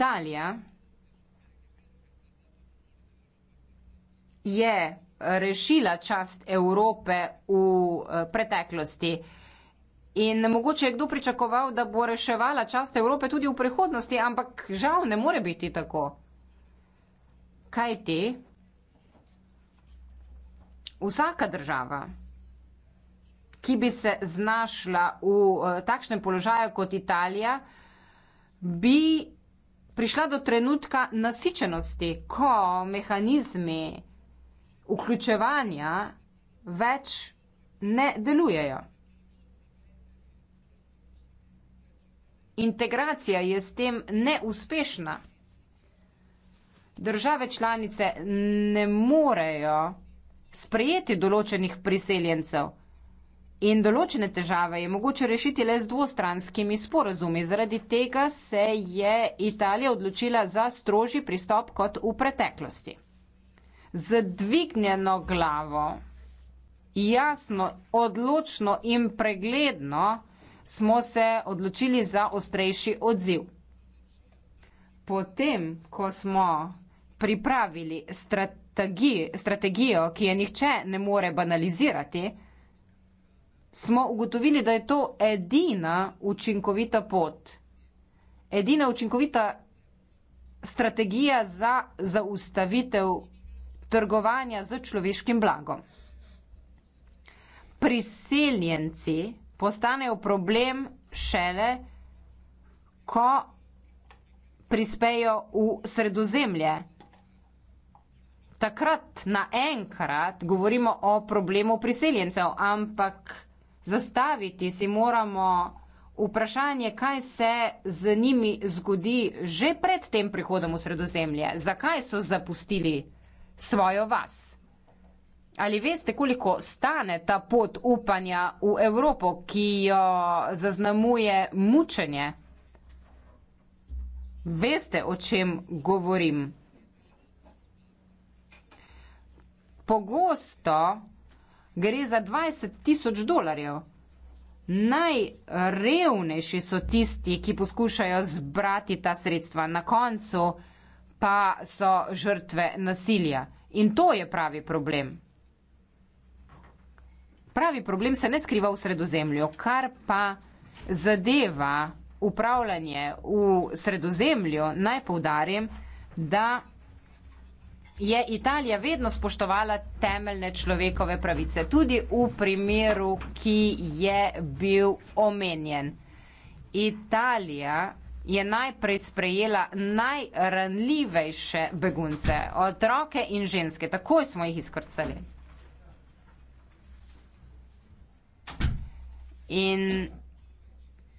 Italija je rešila čast Evrope v eh, preteklosti. In mogoče je kdo pričakoval, da bo reševala čast Evrope tudi v prihodnosti, ampak žal ne more biti tako. Kaj ti? Vsaka država, ki bi se znašla v eh, takšnem položaju kot Italija, bi prišla do trenutka nasičenosti, ko mehanizmi vključevanja več ne delujejo. Integracija je s tem neuspešna. Države članice ne morejo sprejeti določenih priseljencev. In določene težave je mogoče rešiti le z dvostranskimi sporazumi. Zaradi tega se je Italija odločila za strožji pristop kot v preteklosti. Z dvignjeno glavo, jasno, odločno in pregledno smo se odločili za ostrejši odziv. Potem, ko smo pripravili strategi, strategijo, ki je nihče ne more banalizirati, smo ugotovili, da je to edina učinkovita pot, edina učinkovita strategija za zaustavitev trgovanja z človeškim blagom. Priseljenci postanejo problem šele, ko prispejo v sredozemlje. Takrat naenkrat govorimo o problemu priseljencev, ampak zastaviti si moramo vprašanje, kaj se z njimi zgodi že pred tem prihodom v sredozemlje. Zakaj so zapustili svojo vas? Ali veste, koliko stane ta pot upanja v Evropo, ki jo zaznamuje mučenje? Veste, o čem govorim? Pogosto gre za 20 tisoč dolarjev. Najrevnejši so tisti, ki poskušajo zbrati ta sredstva, na koncu pa so žrtve nasilja. In to je pravi problem. Pravi problem se ne skriva v sredozemlju, kar pa zadeva upravljanje v sredozemlju, naj povdarim, da je Italija vedno spoštovala temeljne človekove pravice, tudi v primeru, ki je bil omenjen. Italija je najprej sprejela najranljivejše begunce, otroke in ženske, takoj smo jih izkrcali. In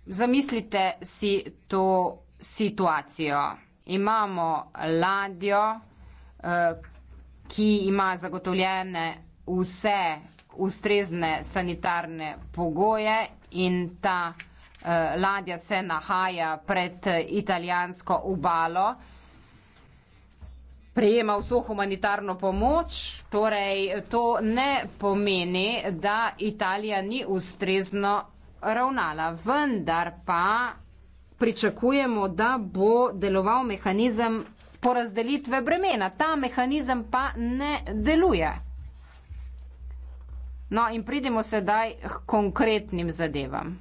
zamislite si to situacijo. Imamo ladjo, Eh, ki ima zagotovljene vse ustrezne sanitarne pogoje in ta eh, ladja se nahaja pred eh, italijansko obalo, prejema vso humanitarno pomoč, torej to ne pomeni, da Italija ni ustrezno ravnala, vendar pa pričakujemo, da bo deloval mehanizem porazdelitve bremena. Ta mehanizem pa ne deluje. No in pridimo sedaj k konkretnim zadevam.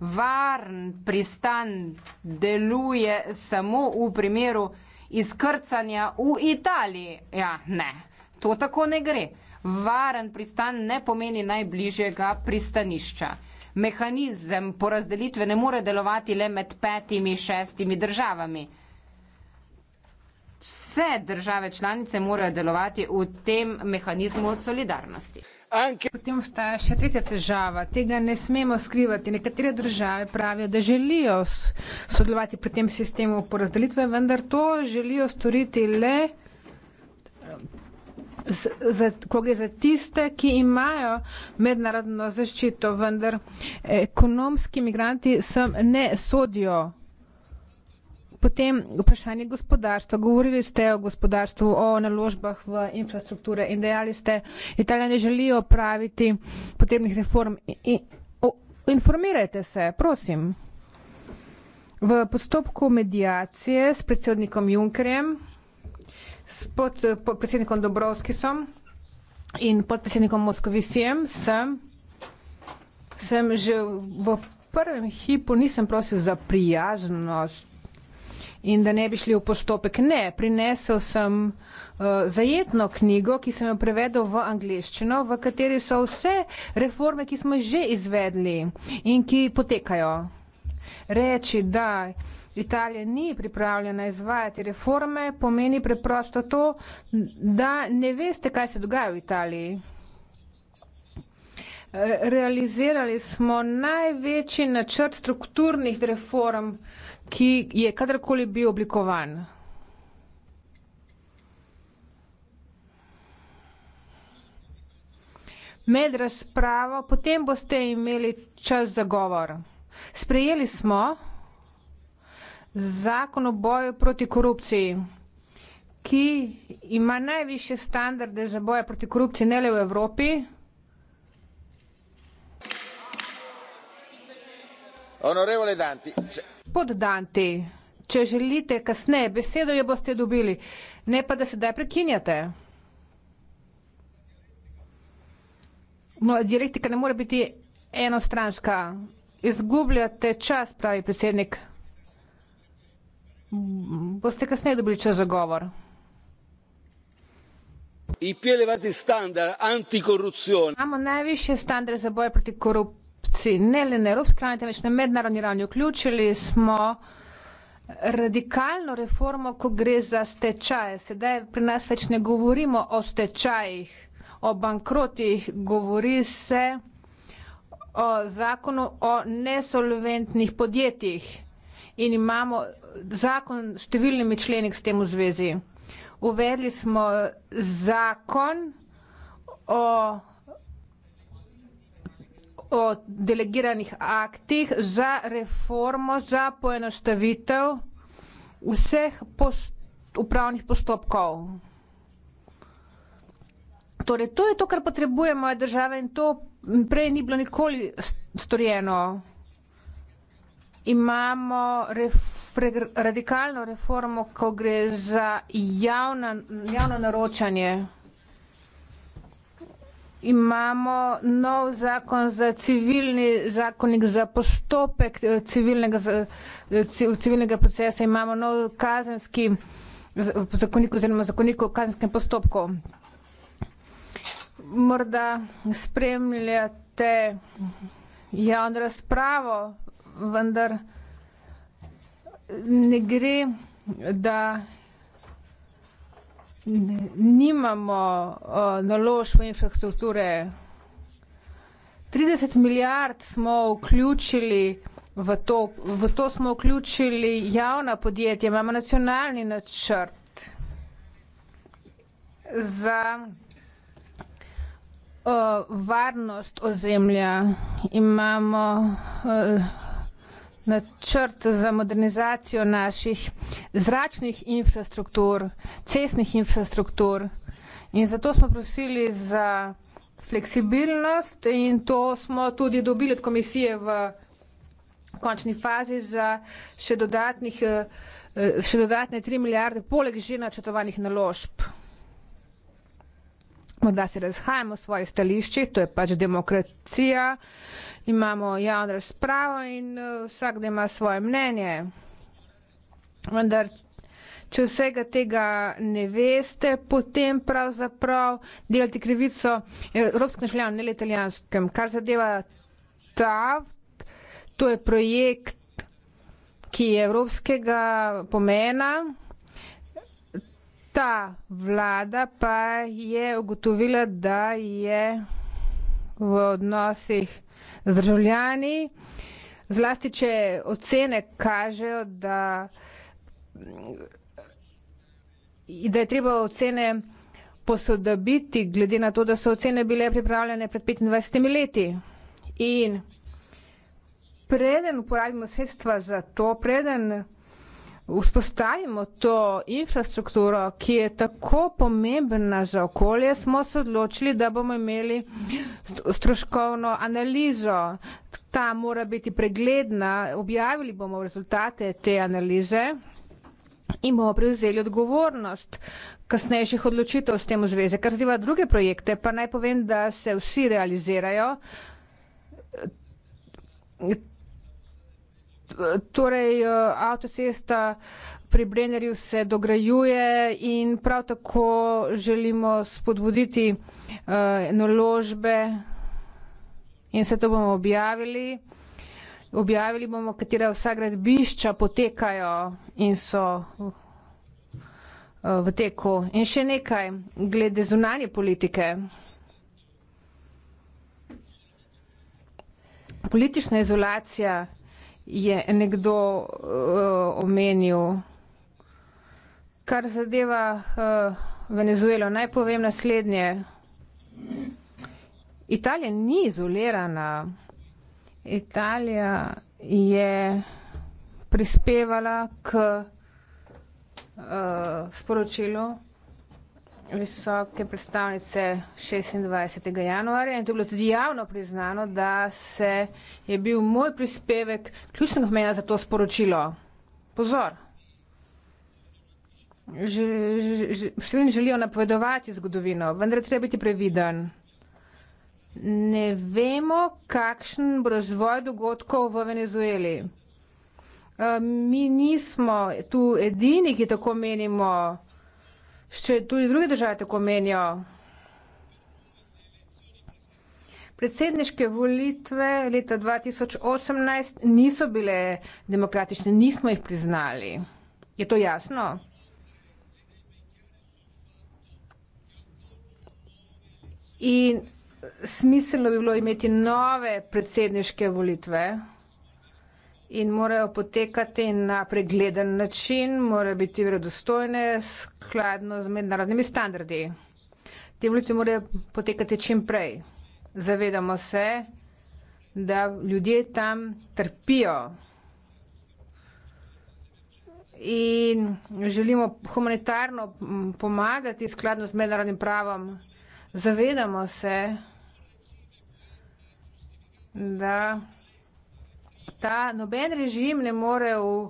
Varn pristan deluje samo v primeru izkrcanja v Italiji. Ja, ne, to tako ne gre. Varen pristan ne pomeni najbližjega pristanišča mehanizem porazdelitve ne more delovati le med petimi, šestimi državami. Vse države članice morajo delovati v tem mehanizmu solidarnosti. Potem obstaja še tretja težava. Tega ne smemo skrivati. Nekatere države pravijo, da želijo sodelovati pri tem sistemu porazdelitve, vendar to želijo storiti le za, ko gre za tiste, ki imajo mednarodno zaščito, vendar ekonomski migranti sem ne sodijo. Potem vprašanje gospodarstva. Govorili ste o gospodarstvu, o naložbah v infrastrukture in dejali ste, Italija ne želijo praviti potrebnih reform. In, in, o, informirajte se, prosim. V postopku medijacije s predsednikom Junkerjem S pod eh, predsednikom Dobrovskisom in podpredsednikom Moskovisijem sem, sem že v prvem hipu nisem prosil za prijaznost in da ne bi šli v postopek. Ne, prinesel sem uh, zajetno knjigo, ki sem jo prevedel v angliščino, v kateri so vse reforme, ki smo že izvedli in ki potekajo. Reči, da. Italija ni pripravljena izvajati reforme, pomeni preprosto to, da ne veste, kaj se dogaja v Italiji. Realizirali smo največji načrt strukturnih reform, ki je kadarkoli bil oblikovan. Med razpravo, potem boste imeli čas za govor. Sprejeli smo zakon o boju proti korupciji, ki ima najviše standarde za boje proti korupciji, ne le v Evropi. Danti. Pod Danti, če želite kasneje, besedo jo boste dobili, ne pa da sedaj prekinjate. No, dialektika ne more biti enostranska. Izgubljate čas, pravi predsednik boste kasneje dobili čas za govor. imamo najvišje standarde za boj proti korupciji ne le na evropski ravni temveč na mednarodni ravni vključili smo radikalno reformo ko gre za stečaje sedaj pri nas več ne govorimo o stečajih o bankrotih govori se o zakonu o nesolventnih podjetjih in imamo zakon s številnimi členik s tem v zvezi. Uvedli smo zakon o, o delegiranih aktih za reformo, za poenostavitev vseh post, upravnih postopkov. Torej, to je to, kar potrebujemo, je država in to prej ni bilo nikoli storjeno. Imamo ref, re, radikalno reformo, ko gre za javna, javno naročanje. Imamo nov zakon za civilni zakonik, za postopek eh, civilnega, civilnega procesa, imamo nov kazenski zakonik oziroma zakonik o kazenskem postopku. Morda spremljate javno razpravo vendar ne gre, da nimamo naložb v infrastrukture. 30 milijard smo vključili v to, v to smo vključili javna podjetja, imamo nacionalni načrt za uh, varnost ozemlja, imamo uh, načrt za modernizacijo naših zračnih infrastruktur, cestnih infrastruktur in zato smo prosili za fleksibilnost in to smo tudi dobili od komisije v končni fazi za še, dodatnih, eh, še dodatne 3 milijarde poleg že načrtovanih naložb. Morda se razhajamo v svojih stališčih, to je pač demokracija imamo javno razpravo in eh, vsak da ima svoje mnenje. Vendar, če vsega tega ne veste, potem pravzaprav delati krivico eh, evropskim državljanom, ne le italijanskim. Kar zadeva TAVT, to je projekt, ki je evropskega pomena. Ta vlada pa je ugotovila, da je v odnosih državljani, zlasti če ocene kažejo, da, da je treba ocene posodobiti, glede na to, da so ocene bile pripravljene pred 25 leti. In preden uporabimo sredstva za to, preden vzpostavimo to infrastrukturo, ki je tako pomembna za okolje, smo se odločili, da bomo imeli stroškovno analizo. Ta mora biti pregledna, objavili bomo rezultate te analize in bomo prevzeli odgovornost kasnejših odločitev s tem v zveze. Kar zdiva druge projekte, pa naj povem, da se vsi realizirajo torej eh, avtocesta pri Brennerju se dograjuje in prav tako želimo spodbuditi eh, naložbe in se to bomo objavili. Objavili bomo, katera vsa gradbišča potekajo in so eh, v teku. In še nekaj glede zunanje politike. Politična izolacija je nekdo uh, omenil. Kar zadeva uh, Venezuelo, naj povem naslednje. Italija ni izolirana. Italija je prispevala k uh, sporočilu, visoke predstavnice 26. januarja in to je bilo tudi javno priznano, da se je bil moj prispevek ključnega pomena za to sporočilo. Pozor. Številni že, že, želijo napovedovati zgodovino, vendar treba biti previden. Ne vemo, kakšen bo razvoj dogodkov v Venezueli. Ehm, mi nismo tu edini, ki tako menimo še tudi druge države tako menijo. Predsedniške volitve leta 2018 niso bile demokratične, nismo jih priznali. Je to jasno? In smiselno bi bilo imeti nove predsedniške volitve in morajo potekati na pregleden način, morajo biti vredostojne skladno z mednarodnimi standardi. Te volitve morajo potekati čim prej. Zavedamo se, da ljudje tam trpijo in želimo humanitarno pomagati skladno z mednarodnim pravom. Zavedamo se, da ta noben režim ne more v,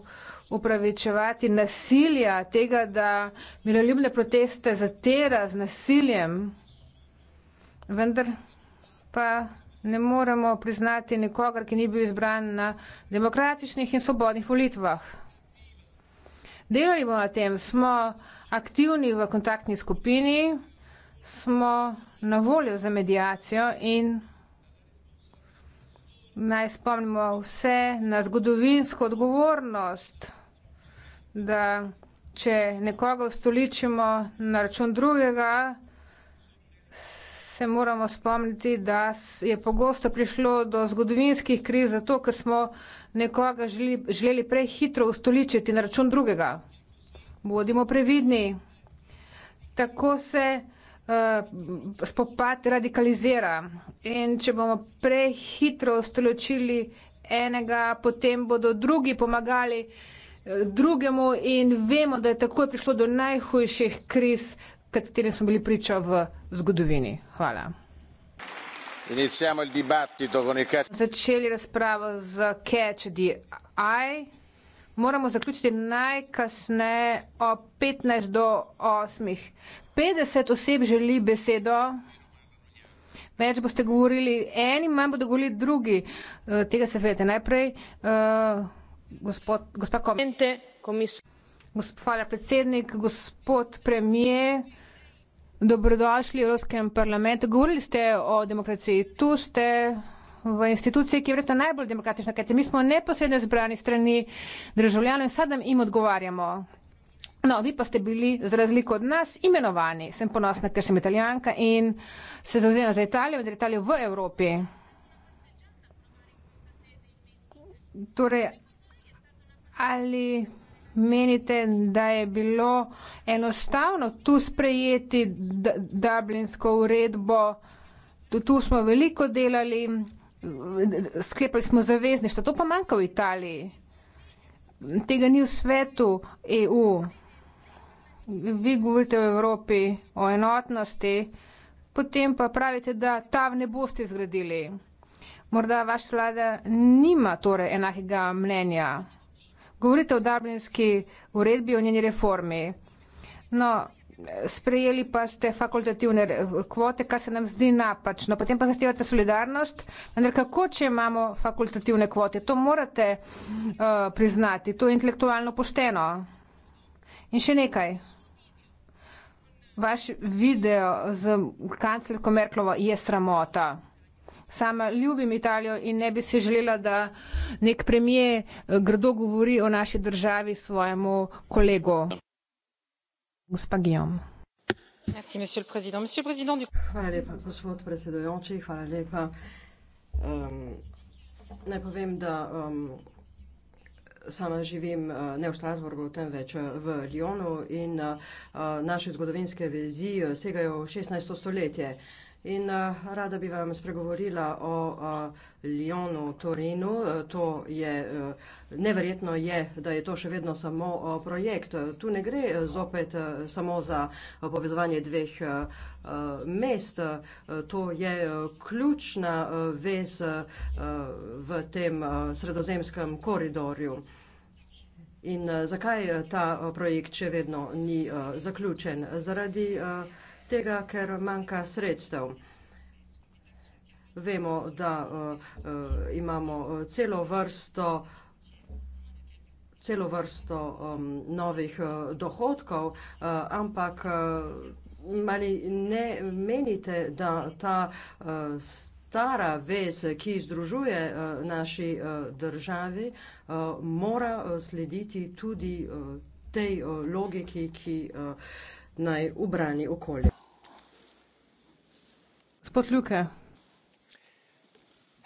upravičevati nasilja, tega, da miroljubne proteste zatera z nasiljem, vendar pa ne moremo priznati nikogar, ki ni bil izbran na demokratičnih in svobodnih volitvah. Delali bomo na tem, smo aktivni v kontaktni skupini, smo na voljo za medijacijo in naj spomnimo vse na zgodovinsko odgovornost, da če nekoga ustoličimo na račun drugega, se moramo spomniti, da je pogosto prišlo do zgodovinskih kriz zato, ker smo nekoga želi, želeli prehitro ustoličiti na račun drugega. Bodimo previdni. Tako se Eh, spopad radikalizira. In če bomo prehitro stoločili enega, potem bodo drugi pomagali eh, drugemu in vemo, da je takoj prišlo do najhujših kriz, katerim smo bili priča v zgodovini. Hvala. Il con il Začeli razpravo z Catch the Eye. Moramo zaključiti najkasneje o 15 do 8. 50 oseb želi besedo. Več boste govorili eni, manj bodo govorili drugi. Uh, tega se zvete najprej. Uh, gospod, gospa komisar. Hvala predsednik, gospod premijer, dobrodošli v Evropskem parlamentu. Govorili ste o demokraciji. Tu ste v instituciji, ki je vredno najbolj demokratična. Kajte, mi smo neposredno izbrani strani državljanov in sadem im odgovarjamo. No, vi pa ste bili, za razliko od nas, imenovani. Sem ponosna, ker sem italijanka in se zauzemam za Italijo in za Italijo v Evropi. Torej, ali menite, da je bilo enostavno tu sprejeti dublinsko uredbo? Tu smo veliko delali, sklepali smo zavezništvo. To pa manjka v Italiji. Tega ni v svetu EU vi govorite o Evropi, o enotnosti, potem pa pravite, da tam ne boste zgradili. Morda vaša vlada nima torej enakega mnenja. Govorite o Dublinski uredbi, o njeni reformi. No, sprejeli pa ste fakultativne kvote, kar se nam zdi napačno. Potem pa zahtevate solidarnost. Vendar kako, če imamo fakultativne kvote? To morate uh, priznati. To je intelektualno pošteno. In še nekaj vaš video z kanclerko Merklovo je sramota. Sama ljubim Italijo in ne bi si želela, da nek premije eh, grdo govori o naši državi svojemu kolegu. Gospa Gijom. Hvala lepa, gospod predsedujoči, hvala lepa. Um, naj povem, da um, sama živim eh, ne v Strasburgu, temveč eh, v Lyonu in eh, naše zgodovinske vezi segajo v 16. stoletje. In rada bi vam spregovorila o Lyonu, Torinu. To je, neverjetno je, da je to še vedno samo projekt. Tu ne gre zopet samo za povezovanje dveh mest. To je ključna vez v tem sredozemskem koridorju. In uh, zakaj eh, ta eh, projekt še vedno ni uh, zaključen? Zaradi uh, tega, ker manjka sredstev. Vemo, da uh, uh, imamo celo vrsto celo vrsto um, novih uh, dohodkov, uh, ampak uh, mali, ne menite, da ta uh, stara vez, ki združuje eh, naši eh, državi, eh, mora slediti tudi tej logiki, ki naj ubrani okolje. Gospod Luke.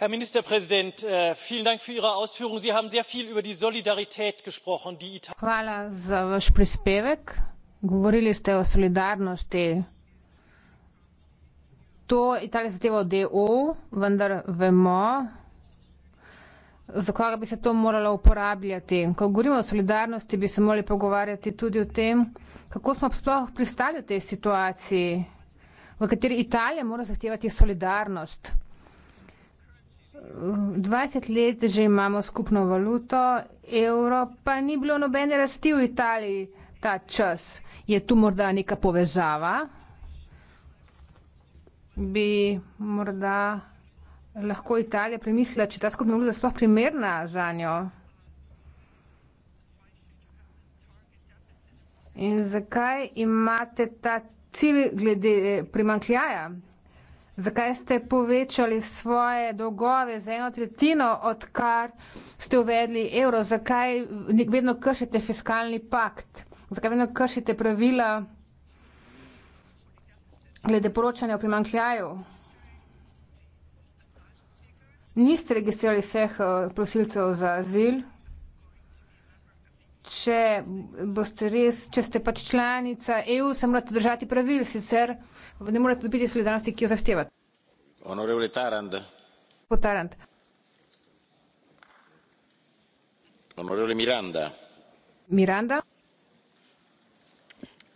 Herr Ministerpräsident, äh, vielen Dank für Ihre Ausführungen. Sie haben sehr viel über die Solidarität gesprochen, die Italien. Hvala za vaš prispevek. Govorili ste o solidarnosti to Italija zahteva od EU, vendar vemo, za koga bi se to moralo uporabljati. Ko govorimo o solidarnosti, bi se morali pogovarjati tudi o tem, kako smo sploh pristali v tej situaciji, v kateri Italija mora zahtevati solidarnost. 20 let že imamo skupno valuto, evro pa ni bilo nobene rasti v Italiji ta čas. Je tu morda neka povezava? bi morda lahko Italija premislila, če ta skupna valuta sploh primerna za njo. In zakaj imate ta cilj glede eh, primankljaja? Zakaj ste povečali svoje dolgove za eno tretjino, odkar ste uvedli evro? Zakaj vedno kršite fiskalni pakt? Zakaj vedno kršite pravila? glede poročanja o primankljaju. Niste registrirali vseh eh, prosilcev za azil. Če, boste res, če ste pač članica EU, se morate držati pravil, sicer ne morate dobiti solidarnosti, ki jo zahtevate. Honorable Tarand. Po Tarand. Honorable Miranda. Miranda.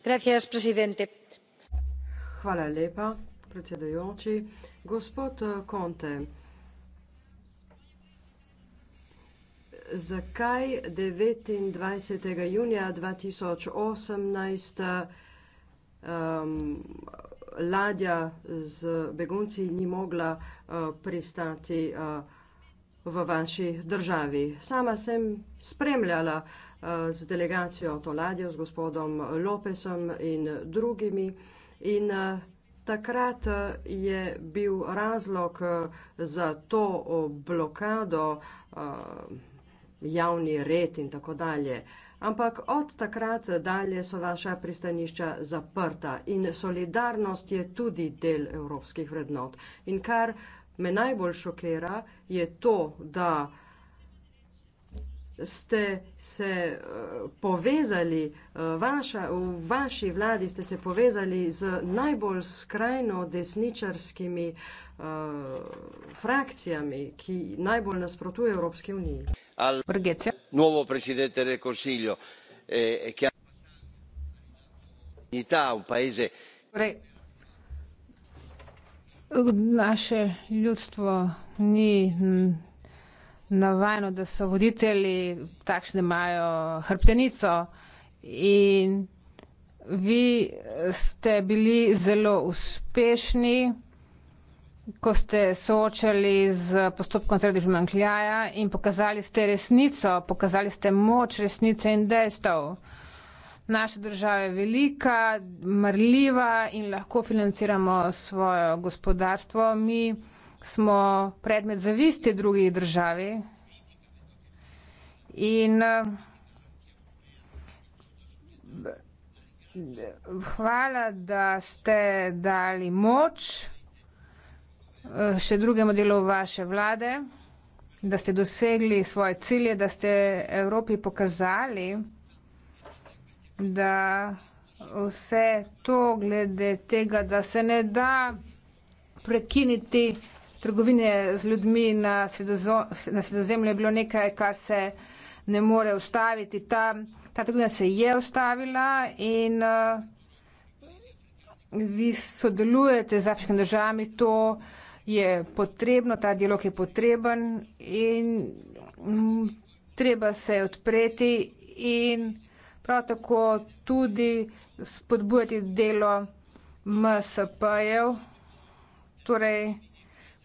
Gracias, presidente. Hvala lepa, predsedujoči. Gospod eh, Conte, zakaj 29. junija 2018 um, ehm, ladja z begunci ni mogla uh, pristati uh, v vaši državi? Sama sem spremljala uh, z delegacijo to ladjo, z gospodom Lopesom in drugimi. In eh, takrat eh, je bil razlog eh, za to blokado javni red in tako dalje. Ampak od takrat dalje so vaša pristanišča zaprta in solidarnost je tudi del evropskih vrednot. In kar me najbolj šokira, je to, da ste se eh, povezali, eh, vaša, v vaši vladi ste se povezali z najbolj skrajno desničarskimi uh, frakcijami, ki najbolj nasprotuje Evropski uniji. Novo predsednik del Consiglio, ki je v Italiji, v Paese. Torej, naše ljudstvo ni. Hm, navajeno, da so voditelji takšne imajo hrbtenico in vi ste bili zelo uspešni, ko ste soočali z postopkom zaradi primankljaja in pokazali ste resnico, pokazali ste moč resnice in dejstev. Naša država je velika, mrljiva in lahko financiramo svojo gospodarstvo. Mi smo predmet zavisti drugi državi in hvala, da ste dali moč še drugemu delu vaše vlade, da ste dosegli svoje cilje, da ste Evropi pokazali, da vse to glede tega, da se ne da prekiniti trgovine z ljudmi na, sredozo, na sredozemlju je bilo nekaj, kar se ne more ustaviti. Ta, ta trgovina se je ustavila in uh, vi sodelujete z afriškimi državami, to je potrebno, ta dialog je potreben in m, mm, treba se odpreti in prav tako tudi spodbujati delo MSP-jev. Torej,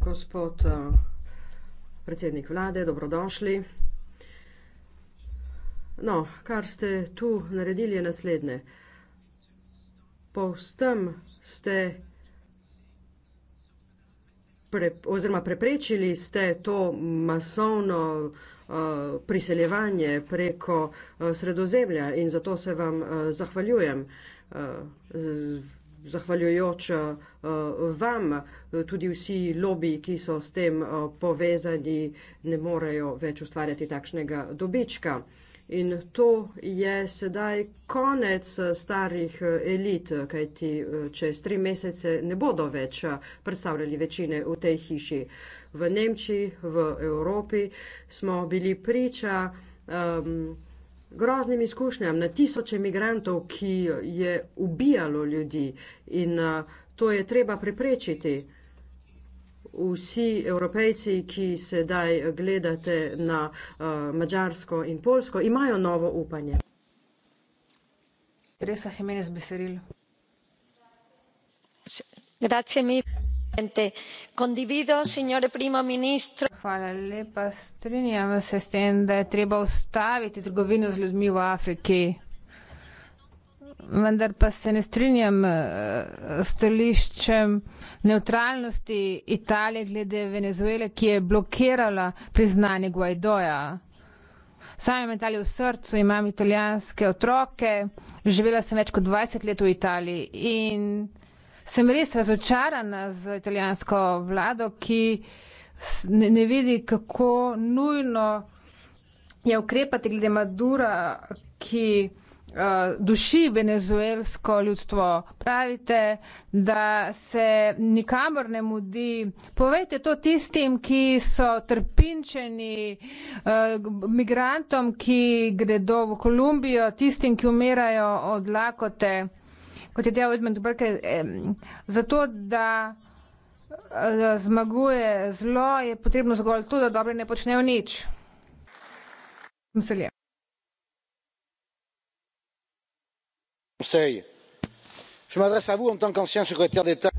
Gospod eh, predsednik vlade, dobrodošli. No, kar ste tu naredili, je naslednje. Povsem ste oziroma preprečili ste to masovno eh, priseljevanje preko eh, Sredozemlja in za to se vam zahvaljujem zahvaljujoč eh, vam, eh, tudi vsi lobiji, ki so s tem eh, povezani, ne morejo več ustvarjati takšnega dobička. In to je sedaj konec starih elit, kajti čez tri mesece ne bodo več predstavljali večine v tej hiši. V Nemčiji, v Evropi smo bili priča. Um, groznim izkušnjam, na tisoče migrantov, ki je ubijalo ljudi in to je treba preprečiti. Vsi evropejci, ki sedaj gledate na Mačarsko in Polsko, imajo novo upanje. Teresa Jimenez Beseril. Grazie mille presidente condivido signore primo ministro hvala lepa strinjam se s tem da je treba ustaviti trgovino z ljudmi v afriki vendar pa se ne strinjam eh, s stališčem neutralnosti italije glede venezuele ki je blokirala priznanje guaidoja sam imam italijo v srcu imam italijanske otroke živela sem več kot dvajset let v italiji in sem res razočarana z italijansko vlado, ki ne, ne vidi, kako nujno je ukrepati glede Madura, ki uh, duši venezuelsko ljudstvo. Pravite, da se nikamor ne mudi. Povejte to tistim, ki so trpinčeni uh, migrantom, ki gredo v Kolumbijo, tistim, ki umirajo od lakote kot je dejal Edmund Burke, zato, da eh, zmaguje zlo, je potrebno zgolj to, da dobre ne počnejo nič. Mselje. Conseil, je madresse à vous en tant qu'ancien secrétaire d'État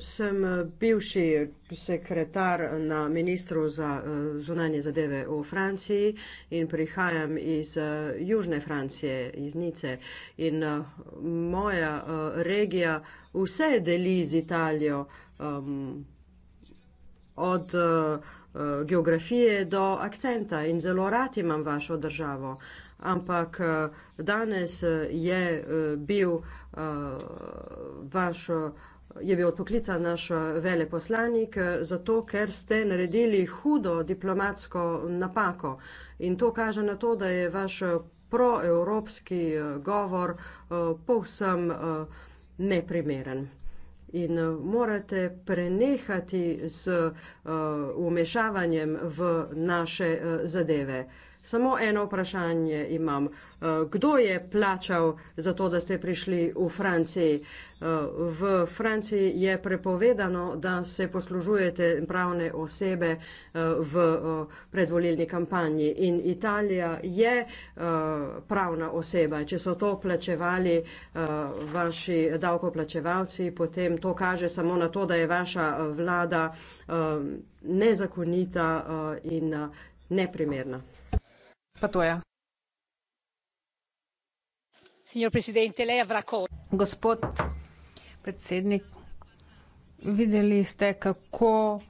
sem eh, bivši sekretar na ministru za eh, zunanje zadeve v Franciji in prihajam iz eh, južne Francije, iz Nice. In moja regija vse deli z Italijo ehm, od geografije do akcenta in zelo rad imam vašo državo. Ampak danes je bil vaš je bil odpoklican naš eh, veleposlanik, eh, zato ker ste naredili hudo diplomatsko napako. In to kaže na to, da je vaš eh, proevropski govor povsem neprimeren. In morate prenehati z umešavanjem v naše zadeve. Samo eno vprašanje imam. E, kdo je plačal za to, da ste prišli v Franciji? E, v Franciji je prepovedano, da se poslužujete pravne osebe e, v predvolilni kampanji. In Italija je pravna oseba. Če so to plačevali vaši davkoplačevalci, potem to kaže samo na to, da je vaša vlada nezakonita in neprimerna gospod predsednik videli ste kako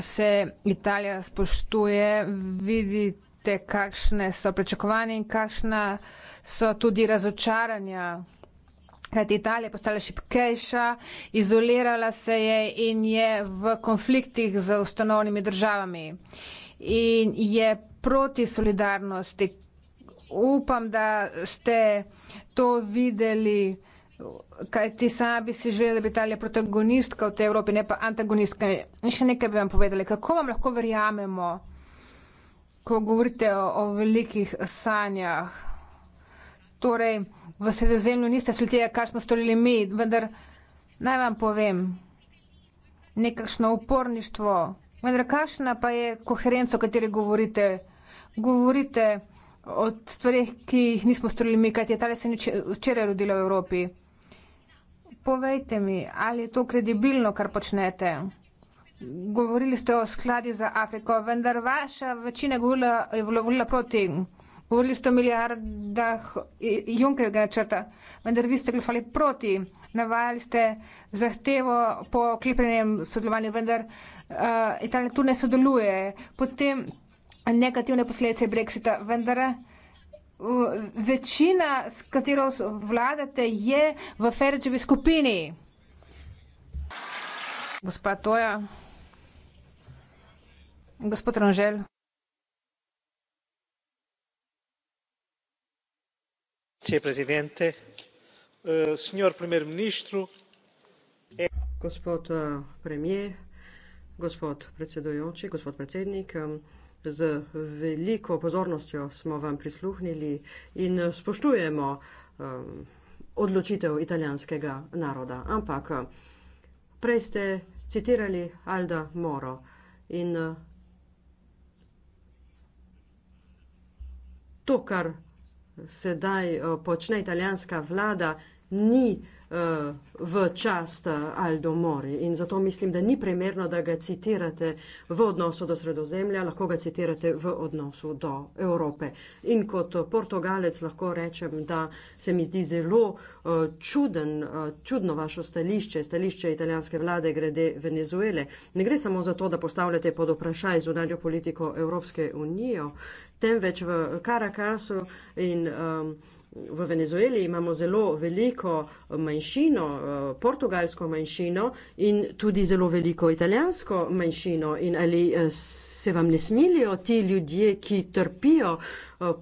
se italija spoštuje vidite kakšna so pričakovanja in kakšna so tudi razočaranja kajti italija je postala šibkejša izolirala se je in je v konfliktih z ustanovnimi državami in in je proti solidarnosti. Upam, da ste to videli, kaj ti sami si želeli, da bi Italija protagonistka v tej Evropi, ne pa antagonistka. In še nekaj bi vam povedali, kako vam lahko verjamemo, ko govorite o, o velikih sanjah. Torej, v sredozemlju niste sli tega, kar smo storili mi, vendar naj vam povem, nekakšno uporništvo Vendar, kakšna pa je koherenca, o kateri govorite? Govorite o stvarih, ki jih nismo storili mi, kajti ta se je včeraj rodila v Evropi. Povejte mi, ali je to kredibilno, kar počnete? Govorili ste o skladi za Afriko, vendar vaša večina govorila, je volila proti. Govorili ste o milijardah Junkerjega načrta, vendar vi ste glasovali proti. Navajali ste zahtevo po klipljenjem sodelovanju, vendar uh, Eh, Italija tu ne sodeluje. Potem negativne posledice Brexita, vendar eh, večina, s katero vladate, je v Ferečevi skupini. Gospa Toja, gospod Ranžel. Eh, gospod premijer, Gospod predsedujoči, gospod predsednik, z veliko pozornostjo smo vam prisluhnili in spoštujemo odločitev italijanskega naroda. Ampak prej ste citirali Alda Moro in to, kar sedaj počne italijanska vlada, ni v čast Aldo Mori. In zato mislim, da ni primerno, da ga citirate v odnosu do sredozemlja, lahko ga citirate v odnosu do Evrope. In kot portugalec lahko rečem, da se mi zdi zelo eh, čuden, eh, čudno vaše stališče, stališče italijanske vlade glede Venezuele. Ne gre samo za to, da postavljate pod vprašaj zunanjo politiko Evropske unije, temveč v Karakasu in um, V Venezueli imamo zelo veliko eh, manjšino, eh, portugalsko manjšino in tudi zelo veliko italijansko manjšino. In ali eh, se vam ne smilijo ti ljudje, ki trpijo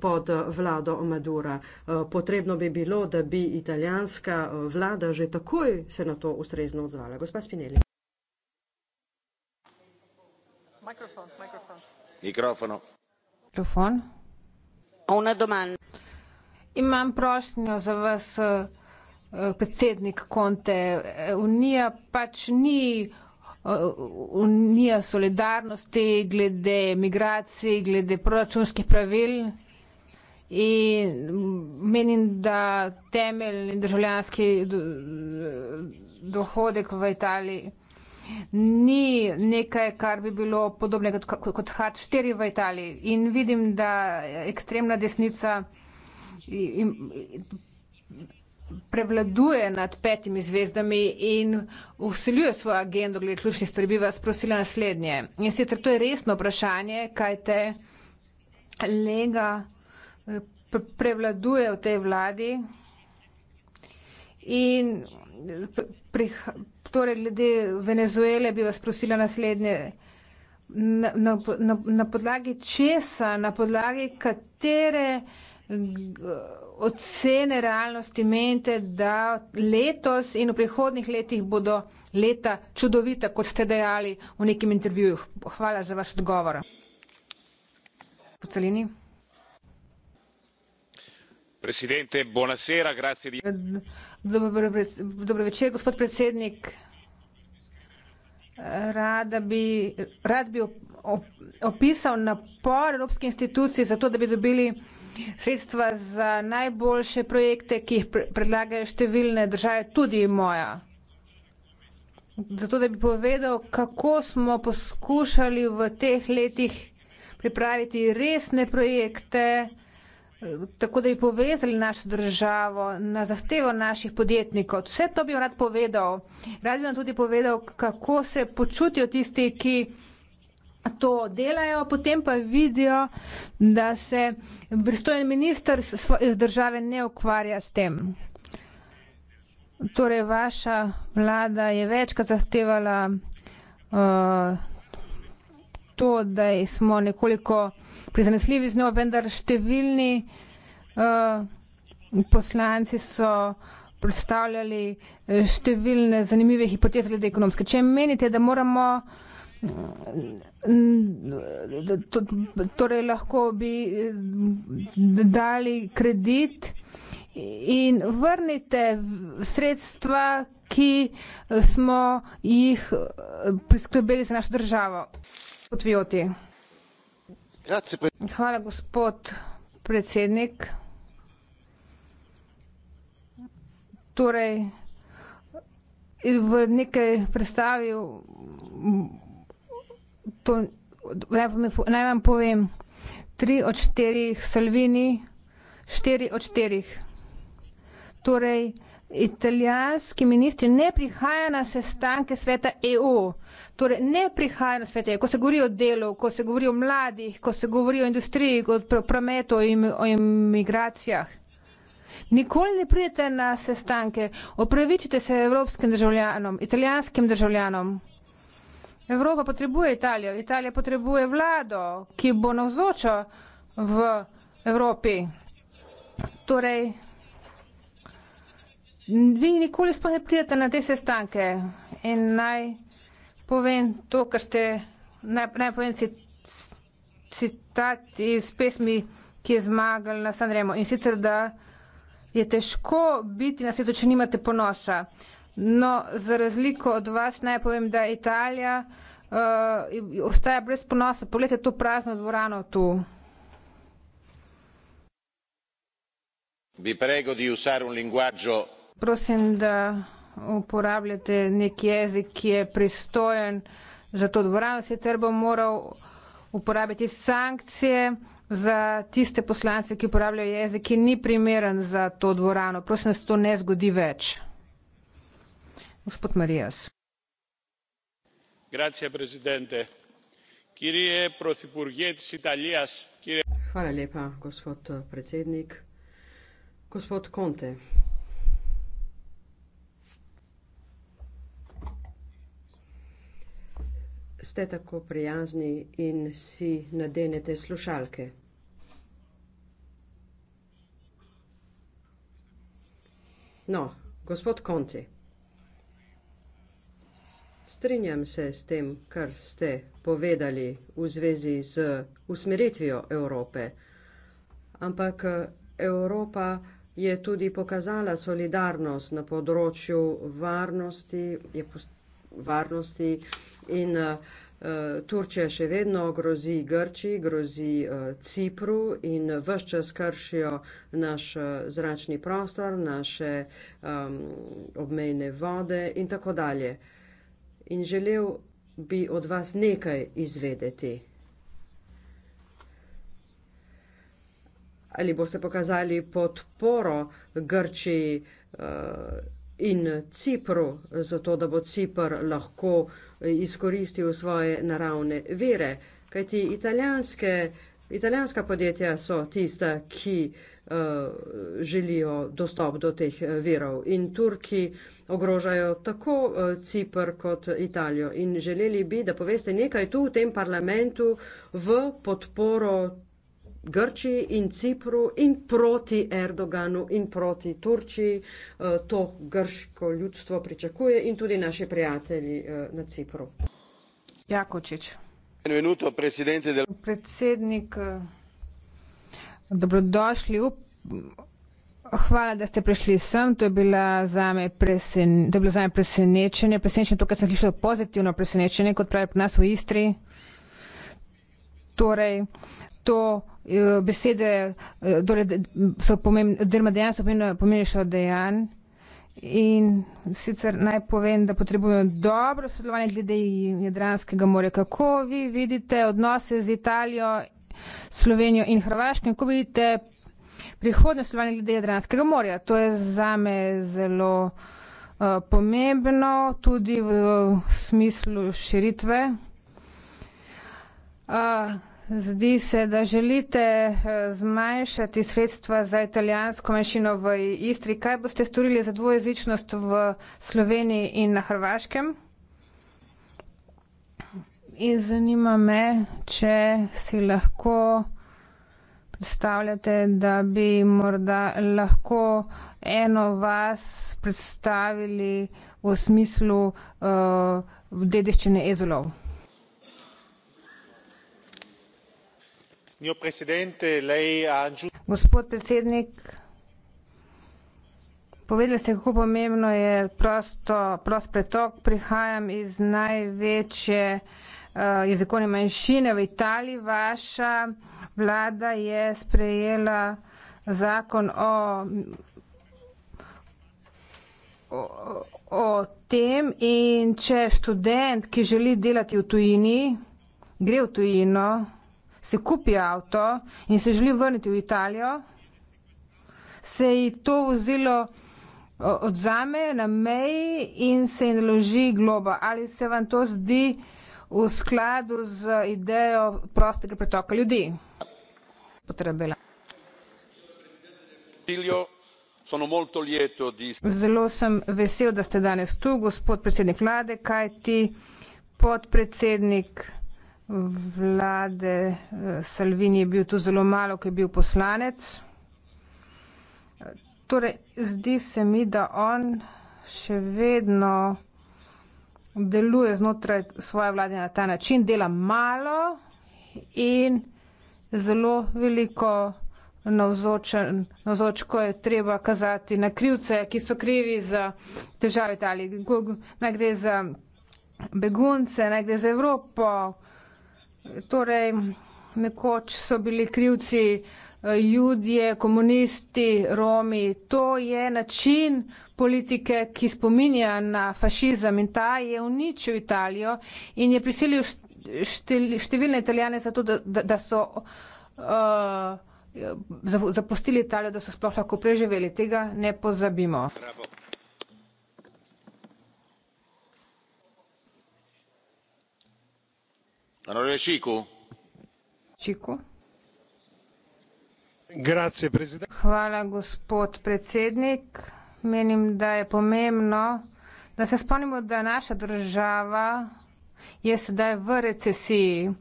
pod vlado Madura? Potrebno bi bilo, da bi italijanska vlada že takoj se na to ustrezno odzvala. Gospa Spinelli. Mikrofon. Mikrofon. Mikrofon. Una domanda. Imam prošnjo za vas, eh, predsednik Konte. Unija pač ni eh, unija solidarnosti glede migracij, glede proračunskih pravil. In menim, da temeljni državljanski dohodek v Italiji ni nekaj, kar bi bilo podobnega kot, kot H4 v Italiji. In vidim, da ekstremna desnica prevladuje nad petimi zvezdami in vsiljuje svojo agendo glede ključnih stvari, bi vas prosila naslednje. In sicer to je resno vprašanje, kaj te lega eh, prevladuje v tej vladi in torej glede Venezuele bi vas prosila naslednje. Na, na, na, na podlagi česa, na podlagi katere ocene realnosti menite, da letos in v prihodnih letih bodo leta čudovita, kot ste dejali v nekem intervjuju. Hvala za vaš odgovor. Po celini. Presidente, buonasera, grazie di... Dobro, dobro večer, gospod predsednik. Rada bi, rad bi opisal napor Evropske institucije za to, da bi dobili sredstva za najboljše projekte, ki jih predlagajo številne države, tudi moja. Zato, da bi povedal, kako smo poskušali v teh letih pripraviti resne projekte, tako da bi povezali našo državo na zahtevo naših podjetnikov. Vse to bi rad povedal. Rad bi vam tudi povedal, kako se počutijo tisti, ki to delajo, potem pa vidijo, da se pristojen minister iz države ne ukvarja s tem. Torej, vaša vlada je večkrat zahtevala uh, to, da smo nekoliko prizanesljivi z njo, vendar številni uh, poslanci so predstavljali eh, številne zanimive hipoteze glede ekonomske. Če menite, da moramo uh, Mm, torej lahko bi eh, dali kredit in vrnite sredstva, ki smo jih eh, priskrbeli za našo državo. Hvala, gospod predsednik. Torej, v nekaj predstavil to, naj, naj vam povem, tri od štirih Salvini, štiri od štirih. Torej, italijanski ministri ne prihajajo na sestanke sveta EU, torej ne prihajajo na svet EU, ko se govori o delu, ko se govori o mladih, ko se govori o industriji, o prometu, o imigracijah. Nikoli ne pridete na sestanke, opravičite se evropskim državljanom, italijanskim državljanom. Evropa potrebuje Italijo, Italija potrebuje vlado, ki bo navzoča v Evropi. Torej, vi nikoli sploh ne pridete na te sestanke in naj povem to, kar ste, naj, naj povem citat iz pesmi, ki je zmagal na Sanremo in sicer, da je težko biti na svetu, če nimate ponosa. No, za razliko od vas naj povem, da Italija uh, ostaja brez ponosa. Poglejte to prazno dvorano tu. Vi prego di usare un linguaggio. Prosim, da uporabljate nek jezik, ki je pristojen za to dvorano. Sicer bom moral uporabiti sankcije za tiste poslance, ki uporabljajo jezik, ki ni primeren za to dvorano. Prosim, da se to ne zgodi več gospa predsednica hvala lepa gospod predsednik gospod conte ste tako prijazni in si nadenete slušalke no gospod conte Strinjam se s tem, kar ste povedali v zvezi z usmeritvijo Evrope. Ampak eh, Evropa je tudi pokazala solidarnost na področju varnosti, varnosti in eh, Turčija še vedno grozi Grčiji, grozi eh, Cipru in vse čas kršijo naš zračni prostor, naše um, obmejne vode in tako dalje in želel bi od vas nekaj izvedeti. Ali boste pokazali podporo Grčiji uh, in Cipru, zato da bo Cipr lahko izkoristil svoje naravne vire? Kajti italijanska podjetja so tista, ki uh, Eh, želijo dostop do teh eh, virov. In Turki ogrožajo tako eh, Cipr kot Italijo. In želeli bi, da poveste nekaj tu v tem parlamentu v podporo Grčiji in Cipru in proti Erdoganu in proti Turčiji. To grško ljudstvo pričakuje in tudi naši prijatelji na Cipru. Jakočič. Predsednik dobrodošli. Hvala, da ste prišli sem. To je bilo za me, presen, bilo za me presenečenje. Presenečenje, to, kar sem slišal, pozitivno presenečenje, kot pravi pri nas v Istri. Torej, to eh, besede eh, torej, so pomembne, oziroma dejanja so pomembne še od dejanj. In sicer naj povem, da potrebujemo dobro sodelovanje glede Jadranskega morja. Kako vi vidite odnose z Italijo Slovenijo in Hrvaško. In ko vidite prihodnost Slovenije glede Jadranskega morja, to je zame zelo uh, pomembno, tudi v, v smislu širitve. Uh, Zdi se, da želite eh, zmanjšati sredstva za italijansko manjšino v Istri. Kaj boste storili za dvojezičnost v Sloveniji in na Hrvaškem? in zanima me, če si lahko predstavljate, da bi morda lahko eno vas predstavili v smislu uh, dediščine Ezulov. Gospod predsednik, povedali ste, kako pomembno je prosto, prost pretok. Prihajam iz največje uh, Eh, jezikovne manjšine v Italiji. Vaša vlada je sprejela zakon o, o o tem in če študent, ki želi delati v tujini, gre v tujino, se kupi avto in se želi vrniti v Italijo, se ji to vozilo eh, odzame na meji in se ji naloži globa. Ali se vam to zdi uh, v skladu z idejo prostega pretoka ljudi. zelo sem vesel da ste danes tu gospod predsednik vlade kajti podpredsednik vlade eh, salvini je bil tu zelo malo ko je bil poslanec torej zdi se mi da on še vedno deluje znotraj svoje vlade na ta način, dela malo in zelo veliko navzočen, navzoč, ko je treba kazati na krivce, ki so krivi za težave Italije. Naj gre za begunce, naj gre za Evropo. Torej, nekoč so bili krivci Eh, ljudje, komunisti, romi. To je način politike, ki spominja na fašizem in ta je uničil Italijo in je prisilil številne italijane zato, da, da, da so uh, zapustili Italijo, da so sploh lahko preživeli. Tega ne pozabimo. Bravo. Čiku. Hvala, gospod predsednik. Menim, da je pomembno, da se spomnimo, da naša država je sedaj v recesiji.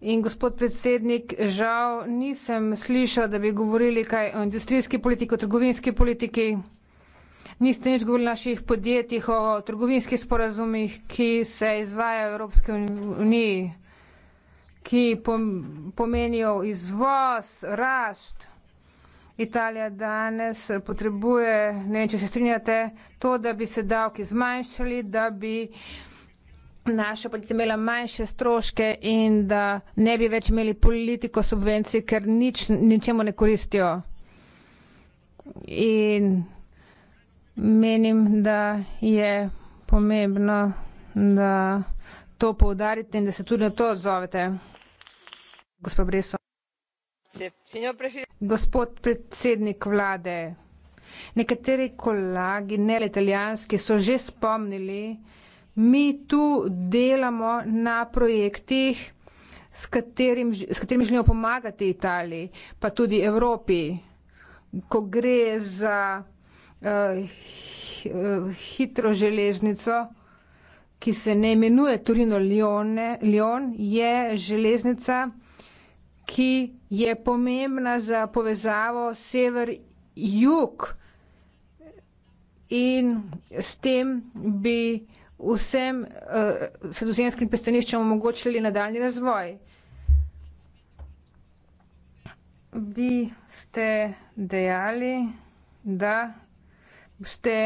In gospod predsednik, žal nisem slišal, da bi govorili kaj o industrijski politiki, o trgovinski politiki. Niste nič govorili o naših podjetjih, o trgovinskih sporazumih, ki se izvajajo v Evropski uniji ki pomenijo izvoz, rast. Italija danes potrebuje, ne če se strinjate, to, da bi se davki zmanjšali, da bi naša podjetja imela manjše stroške in da ne bi več imeli politiko subvencij, ker nič, ničemu ne koristijo. In menim, da je pomembno, da to poudarite in da se tudi na to odzovete. Gospod Breso. Gospod predsednik vlade, nekateri kolagi, ne le italijanski, so že spomnili, mi tu delamo na projektih, s, katerim, s katerimi želimo pomagati Italiji, pa tudi Evropi, ko gre za uh, hitro železnico, ki se ne imenuje Torino-Lion, je železnica, ki je pomembna za povezavo sever-jug in s tem bi vsem uh, sredozemskim pristaniščem omogočili nadaljni razvoj. Vi ste dejali, da ste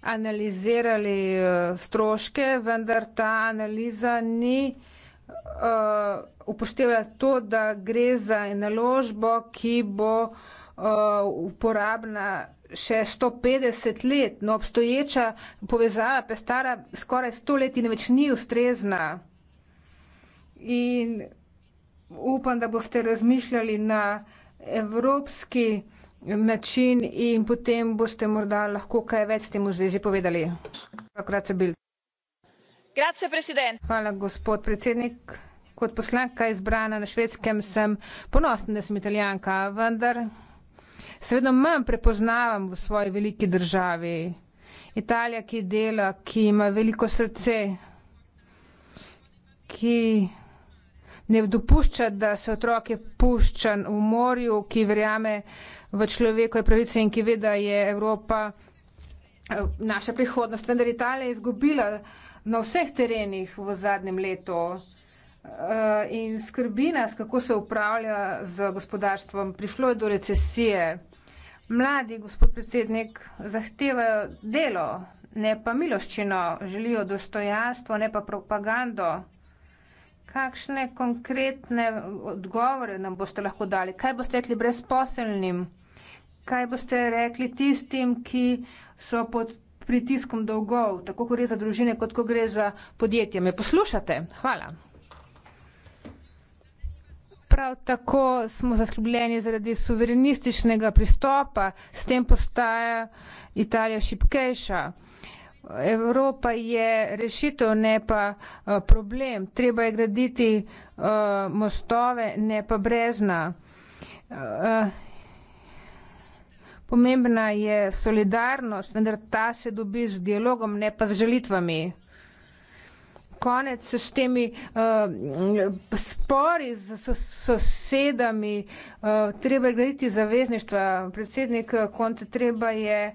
analizirali eh, stroške, vendar ta analiza ni eh, upoštevala to, da gre za naložbo, ki bo eh, uporabna še 150 let. No, obstoječa povezava pa je stara skoraj 100 let in več ni ustrezna. In upam, da boste razmišljali na evropski način, način in potem boste morda lahko kaj več s tem v zvezi povedali. Hvala, gospod predsednik. Kot poslanka izbrana na švedskem sem ponosna, da sem italijanka, vendar se vedno manj prepoznavam v svoji veliki državi. Italija, ki dela, ki ima veliko srce, ki ne dopušča, da se otrok je puščan v morju, ki verjame v človekove pravice in ki ve, da je Evropa eh, naša prihodnost. Vendar Italija je izgubila na vseh terenih v zadnjem letu eh, in skrbi nas, kako se upravlja z gospodarstvom. Prišlo je do recesije. Mladi, gospod predsednik, zahtevajo delo, ne pa miloščino, želijo dostojanstvo, ne pa propagando. Kakšne konkretne odgovore nam boste lahko dali? Kaj boste rekli brezposelnim? Kaj boste rekli tistim, ki so pod pritiskom dolgov, tako ko gre za družine, kot ko gre za podjetje? Me poslušate? Hvala. Prav tako smo zaskrbljeni zaradi suverenističnega pristopa, s tem postaja Italija šipkejša. Evropa je rešitev, ne pa eh, problem. Treba je graditi eh, mostove, ne pa brezna. Eh, pomembna je solidarnost, vendar ta se dobi z dialogom, ne pa z želitvami. Konec s temi uh, spori z sosedami, uh, treba je graditi zavezništva. Predsednik Konte, treba je uh,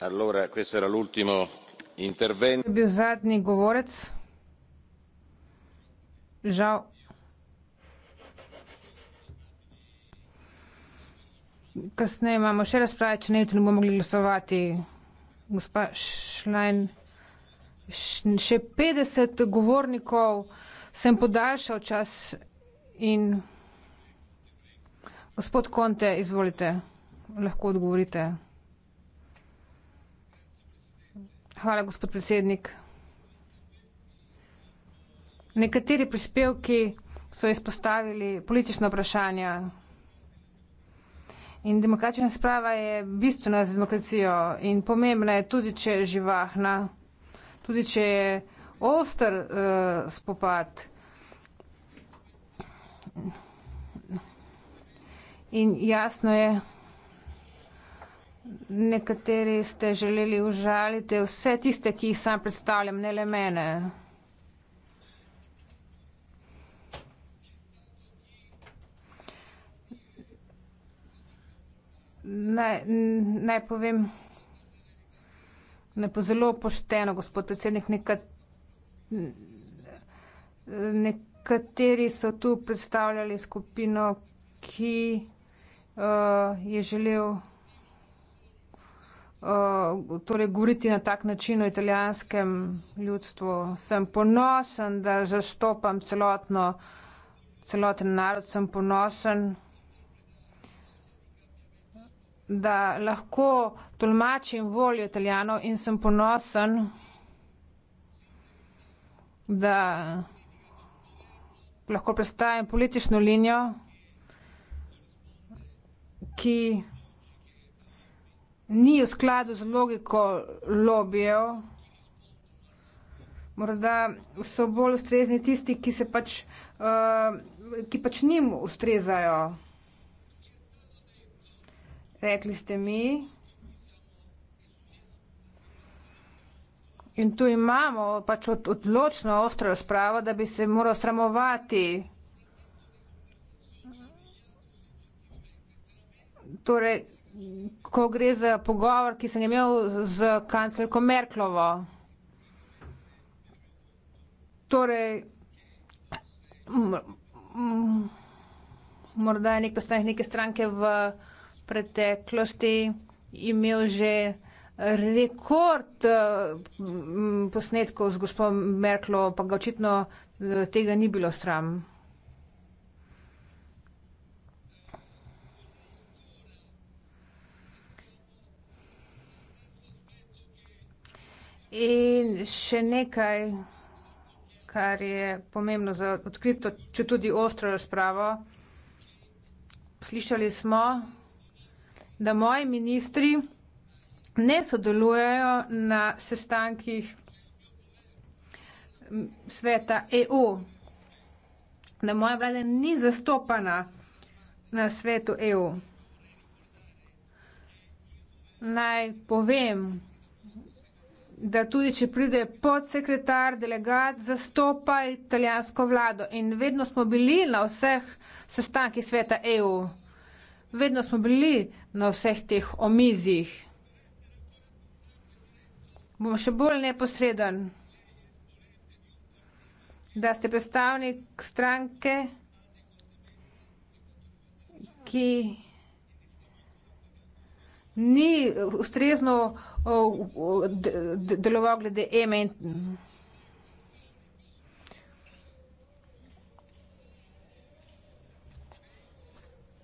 allora questo era l'ultimo intervento bil zadnji govorec žal kasneje imamo še razprave če ne jutri ne bomo mogli glasovati gospa Schlein še petdeset govornikov sem podaljšal čas in gospod Conte izvolite lahko odgovorite hvala, gospod predsednik. Nekateri prispevki so izpostavili politična vprašanja. In demokratična sprava je bistvena za demokracijo in pomembna je tudi, če je živahna, tudi če je oster uh, spopad. In jasno je, Nekateri ste želeli užaliti vse tiste, ki jih sam predstavljam, ne le mene. Naj, naj povem, ne po zelo pošteno, gospod predsednik, neka, nekateri so tu predstavljali skupino, ki uh, je želel. Eh, torej govoriti na tak način o italijanskem ljudstvu. Sem ponosen, da zastopam celotno, celoten narod, sem ponosen, da lahko tolmačim voljo italijanov in sem ponosen, da lahko predstavim politično linijo, ki ni v skladu z logiko lobijev. Morda so bolj ustrezni tisti, ki se pač, uh, ki pač njim ustrezajo. Rekli ste mi. In tu imamo pač od, odločno ostro razpravo, da bi se moral sramovati. Torej, ko gre za pogovor, ki sem ga imel z kanclerko Merklovo. Torej, morda je nek postanek neke stranke v preteklosti imel že rekord eh, posnetkov z gospod Merklo, pa ga očitno eh, tega ni bilo sram. In še nekaj, kar je pomembno za odkrito, če tudi ostro razpravo. Slišali smo, da moji ministri ne sodelujejo na sestankih sveta EU, da moja vlada ni zastopana na svetu EU. Naj povem, da tudi če pride podsekretar, delegat, zastopa italijansko vlado. In vedno smo bili na vseh sestankih sveta EU, vedno smo bili na vseh teh omizjih. Bom še bolj neposreden, da ste predstavnik stranke, ki ni eh, ustrezno eh, deloval glede eme e in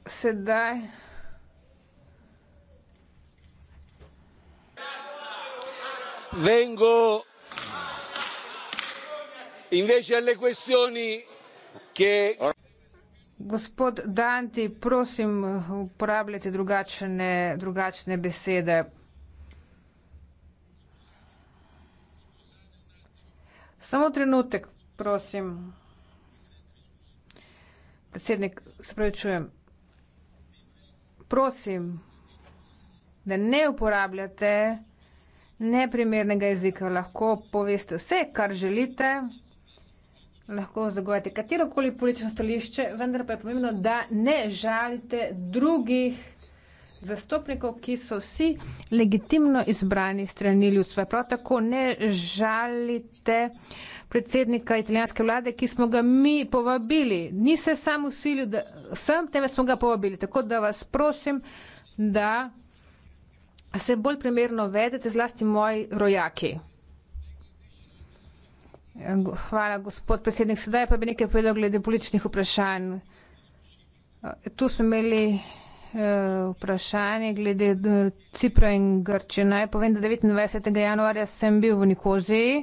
sedaj vengo invece alle questioni che Gospod Danti, prosim, uporabljajte drugačne, drugačne besede. Samo trenutek, prosim. Predsednik, se pravi, čujem. Prosim, da ne uporabljate neprimernega jezika. Lahko poveste vse, kar želite lahko zagovarjate katero koli politično stališče, vendar pa je pomembno, da ne žalite drugih zastopnikov, ki so vsi legitimno izbrani strani ljudstva. Prav tako ne žalite predsednika italijanske vlade, ki smo ga mi povabili. Ni se sam usilil, da sem, temveč smo ga povabili. Tako da vas prosim, da se bolj primerno vedete, zlasti moji rojaki. Hvala, gospod predsednik. Sedaj pa bi nekaj povedal glede političnih vprašanj. Tu smo imeli eh, vprašanje glede eh, Cipra in Grče. Naj povem, da 29. januarja sem bil v Nikoziji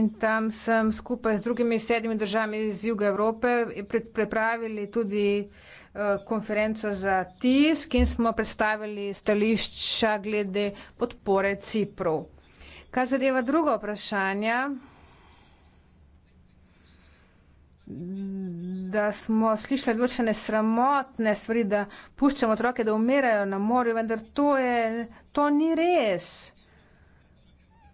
in tam sem skupaj z drugimi sedmimi državami iz juga Evrope pripravili tudi eh, konferenco za tisk in smo predstavili stališča glede podpore Cipru. Kar zadeva druga vprašanja, da smo slišali določene sramotne stvari, da puščamo otroke, da umirajo na morju, vendar to, je, to ni res.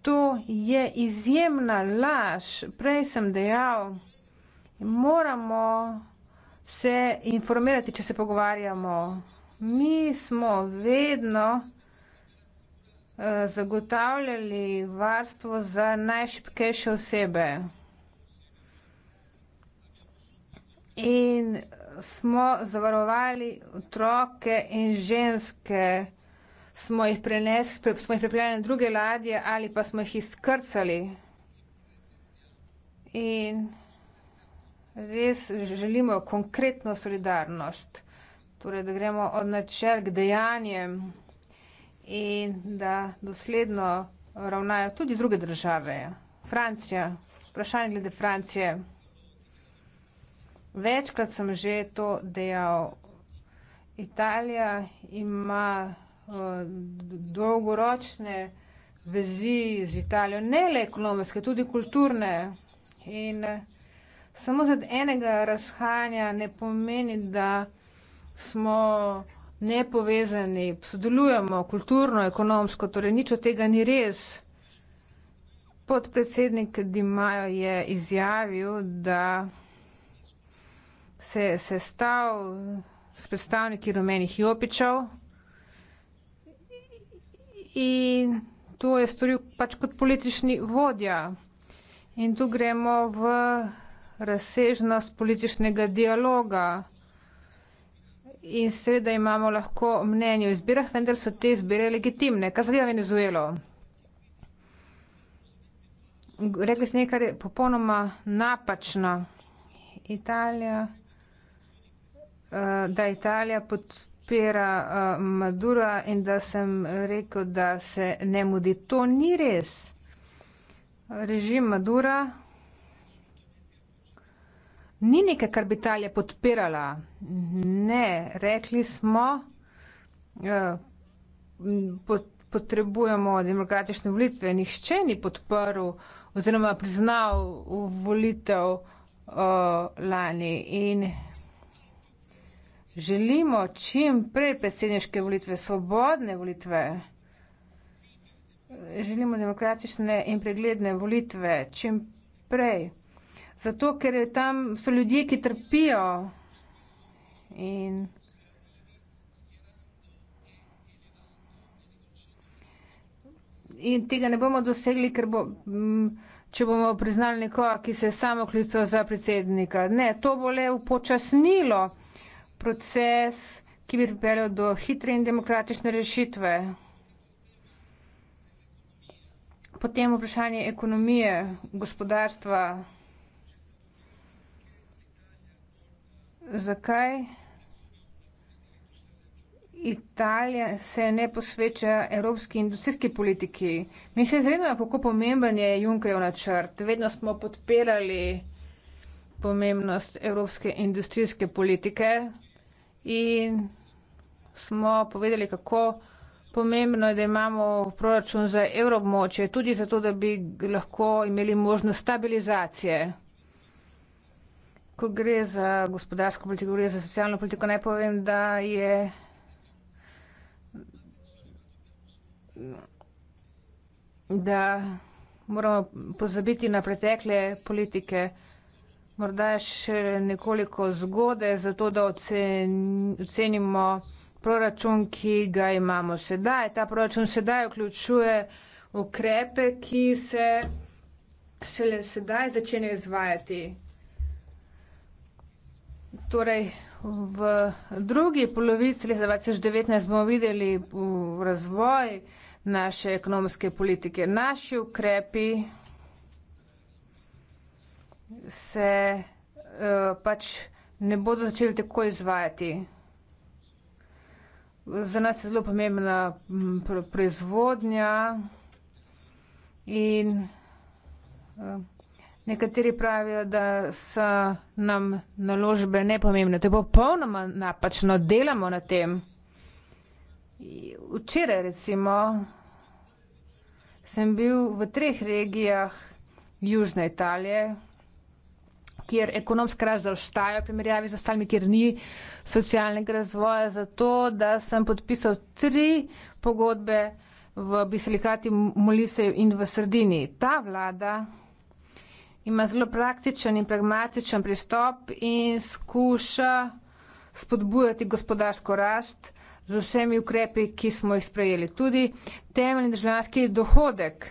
To je izjemna laž. Prej sem dejal, moramo se informirati, če se pogovarjamo. Mi smo vedno eh, zagotavljali varstvo za najšipkejše osebe. in smo zavarovali otroke in ženske, smo jih, prenes, pre, smo jih pripeljali na druge ladje ali pa smo jih izkrcali. In res želimo konkretno solidarnost, torej da gremo od načel k dejanjem in da dosledno ravnajo tudi druge države. Francija, vprašanje glede Francije večkrat sem že to dejal. Italija ima uh, dolgoročne vezi z Italijo, ne le ekonomske, tudi kulturne. In eh, samo zaradi enega razhajanja ne pomeni, da smo nepovezani, sodelujemo kulturno, ekonomsko, torej nič od tega ni res. Podpredsednik Dimajo je izjavil, da se je sestal s predstavniki rumenih jopičev in to je storil pač kot politični vodja. In tu gremo v razsežnost političnega dialoga. In seveda imamo lahko mnenje o izbirah, vendar so te izbire legitimne. Kar zadeva Venezuelo? Rekli ste nekaj, kar je popolnoma napačno. Italija. Eh, da Italija podpira eh, Madura in da sem rekel, da se ne mudi. To ni res. Režim Madura ni nekaj, kar bi Italija podpirala. Ne, rekli smo, eh, potrebujemo demokratične volitve. Nihče ni podprl oziroma priznal volitev lani. In želimo čim prej predsedniške volitve, svobodne volitve, želimo demokratične in pregledne volitve čim prej. Zato, ker tam so ljudje, ki trpijo in In tega ne bomo dosegli, ker bo, če bomo priznali nekoga, ki se je samo klical za predsednika. Ne, to bo le upočasnilo proces, ki bi pripeljal do hitre in demokratične rešitve. Potem vprašanje ekonomije, gospodarstva. Zakaj Italija se ne posveča evropski industrijski politiki? Mi se zavedamo, kako pomemben je Junckerjev načrt. Vedno smo podpirali pomembnost evropske industrijske politike in smo povedali, kako pomembno je, da imamo proračun za evroobmočje, tudi zato, da bi lahko imeli možnost stabilizacije. Ko gre za gospodarsko politiko, gre za socialno politiko, naj povem, da je da moramo pozabiti na pretekle politike, morda še nekoliko zgode za to, da ocenimo proračun, ki ga imamo sedaj. Ta proračun sedaj vključuje ukrepe, ki se šele sedaj začenjajo izvajati. Torej, v drugi polovici leta 2019 bomo videli razvoj naše ekonomske politike. Naši ukrepi se uh, pač ne bodo začeli tako izvajati. Za nas je zelo pomembna mm, proizvodnja in uh, nekateri pravijo, da so nam naložbe nepomembne. To je popolnoma napačno, delamo na tem. Včeraj recimo sem bil v treh regijah južne Italije kjer ekonomski rast zaostaja v primerjavi z ostalimi, kjer ni socialnega razvoja, zato da sem podpisal tri pogodbe v Biselikati, Moliseju in v Sredini. Ta vlada ima zelo praktičen in pragmatičen pristop in skuša spodbujati gospodarsko rast z vsemi ukrepi, ki smo jih sprejeli. Tudi temeljni državljanski dohodek,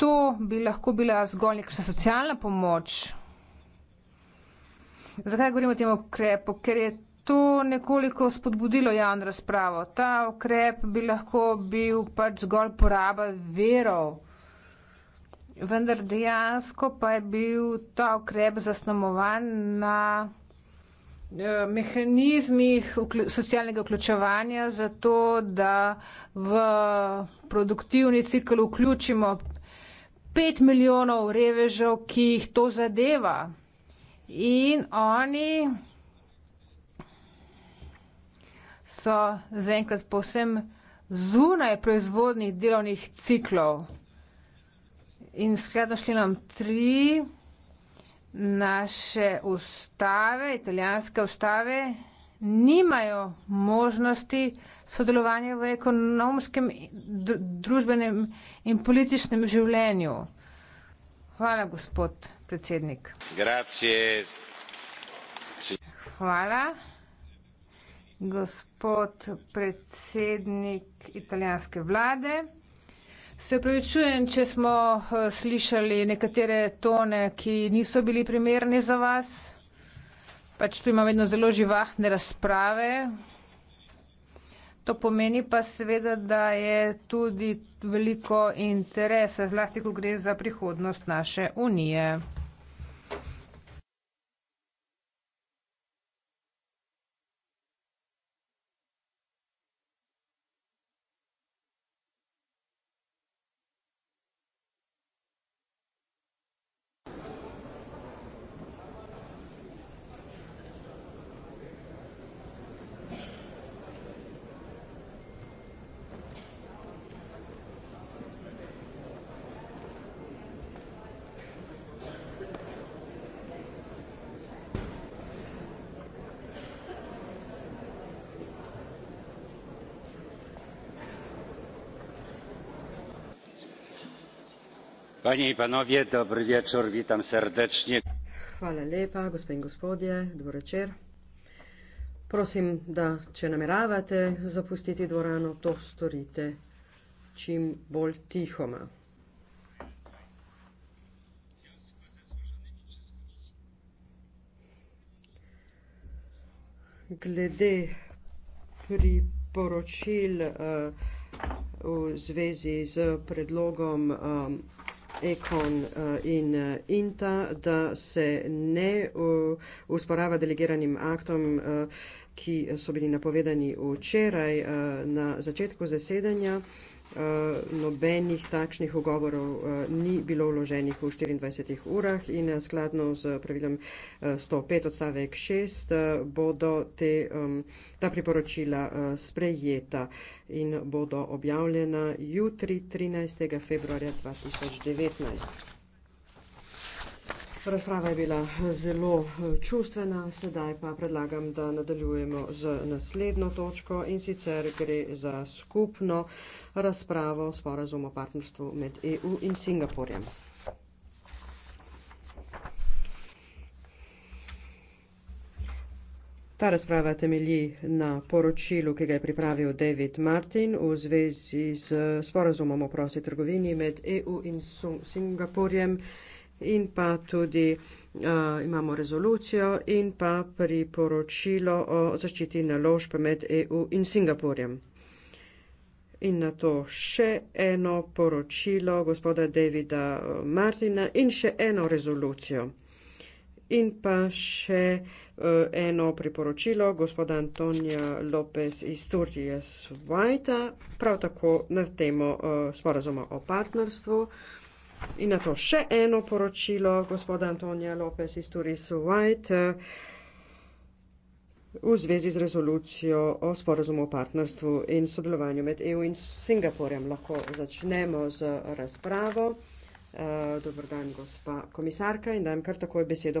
to bi lahko bila zgolj nekakšna socialna pomoč. Zakaj govorim o tem ukrepu? Ker je to nekoliko spodbudilo javno razpravo. Ta ukrep bi lahko bil pač zgolj poraba verov. Vendar dejansko pa je bil ta ukrep zasnovan na eh, mehanizmih socialnega vključevanja za to, da v produktivni cikl vključimo pet milijonov revežev, ki jih to zadeva. In oni so zaenkrat povsem zunaj proizvodnih delovnih ciklov. In skladno šli nam tri naše ustave, italijanske ustave, nimajo možnosti sodelovanja v ekonomskem, družbenem in političnem življenju. Hvala, gospod predsednik. Hvala. Gospod predsednik italijanske vlade, se opravičujem, če smo eh, slišali nekatere tone, ki niso bili primerni za vas. Pač tu imam vedno zelo živahne razprave, To pomeni pa seveda, da je tudi veliko interesa, zlasti ko gre za prihodnost naše unije. Panie i panowie, dobry wieczór, witam serdecznie. Hvala lepa, gospe in gospodje, dobro večer. Prosim, da če nameravate zapustiti dvorano, to storite čim bolj tihoma. Glede priporočil eh, v zvezi z predlogom eh, Ekon eh, in eh, Inta, da se ne eh, usporava delegiranim aktom, ki so bili napovedani včeraj na začetku zasedanja. Eh, nobenih takšnih ogovorov eh, ni bilo vloženih v 24 urah in eh, skladno z pravilom 105 odstavek 6 bodo te, ta priporočila sprejeta in bodo objavljena jutri 13. februarja 2019. Razprava je bila zelo eh, čustvena, sedaj pa predlagam, da nadaljujemo z naslednjo točko in sicer gre za skupno razpravo sporazum o partnerstvu med EU in Singapurjem. Ta razprava temelji na poročilu, ki ga je pripravil David Martin v zvezi z sporazumom o prosti trgovini med EU in Singapurjem in pa tudi uh, imamo rezolucijo in pa priporočilo o zaščiti naložb med EU in Singapurjem. In na to še eno poročilo gospoda Davida eh, Martina in še eno rezolucijo. In pa še uh, eno priporočilo gospoda Antonija Lopez iz Turčije Svajta, prav tako na temo uh, sporazuma o partnerstvu. In na to še eno poročilo gospoda Antonija Lopez iz Turisu White eh, v zvezi z rezolucijo o sporozumu o partnerstvu in sodelovanju med EU in Singapurjem. Lahko začnemo z razpravo. Eh, Dobrodan, gospa komisarka, in dajem kar takoj besedo.